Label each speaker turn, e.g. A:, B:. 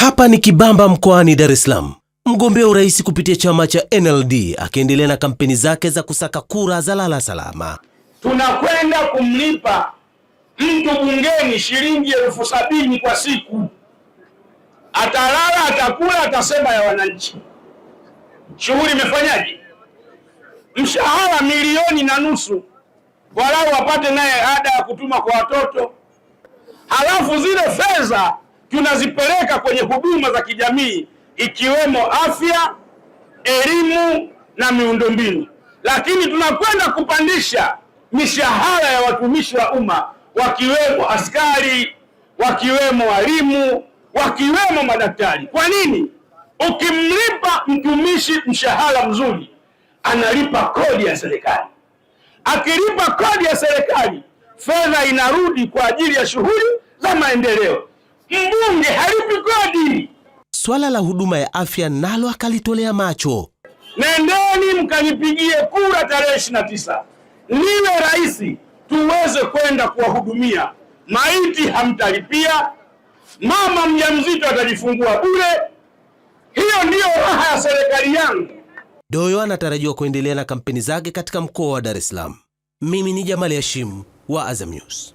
A: Hapa ni Kibamba mkoani Dar es Salaam. Mgombea urais kupitia chama cha NLD akiendelea na kampeni zake za kusaka kura za lala salama.
B: Tunakwenda kumlipa mtu bungeni shilingi elfu sabini kwa siku, atalala, atakula, atasema ya wananchi. Shughuli imefanyaje? Mshahara milioni na nusu, walau wapate naye ada ya kutuma kwa watoto, halafu zile fedha tunazipeleka kwenye huduma za kijamii ikiwemo afya, elimu na miundombinu, lakini tunakwenda kupandisha mishahara ya watumishi wa umma wakiwemo askari, wakiwemo walimu, wakiwemo madaktari. Kwa nini? Ukimlipa mtumishi mshahara mzuri, analipa kodi ya serikali. Akilipa kodi ya serikali, fedha inarudi kwa ajili ya shughuli za maendeleo mbunge halipi kodi.
A: Swala la huduma ya afya nalo akalitolea macho.
B: Nendeni mkanipigie kura tarehe 29 niwe rais, tuweze kwenda kuwahudumia. Maiti hamtalipia, mama mjamzito atajifungua bure. Hiyo ndiyo raha ya serikali yangu.
A: Doyo anatarajiwa kuendelea na kampeni zake katika mkoa wa Dar es Salaam. Mimi ni Jamali Hashim wa Azam News.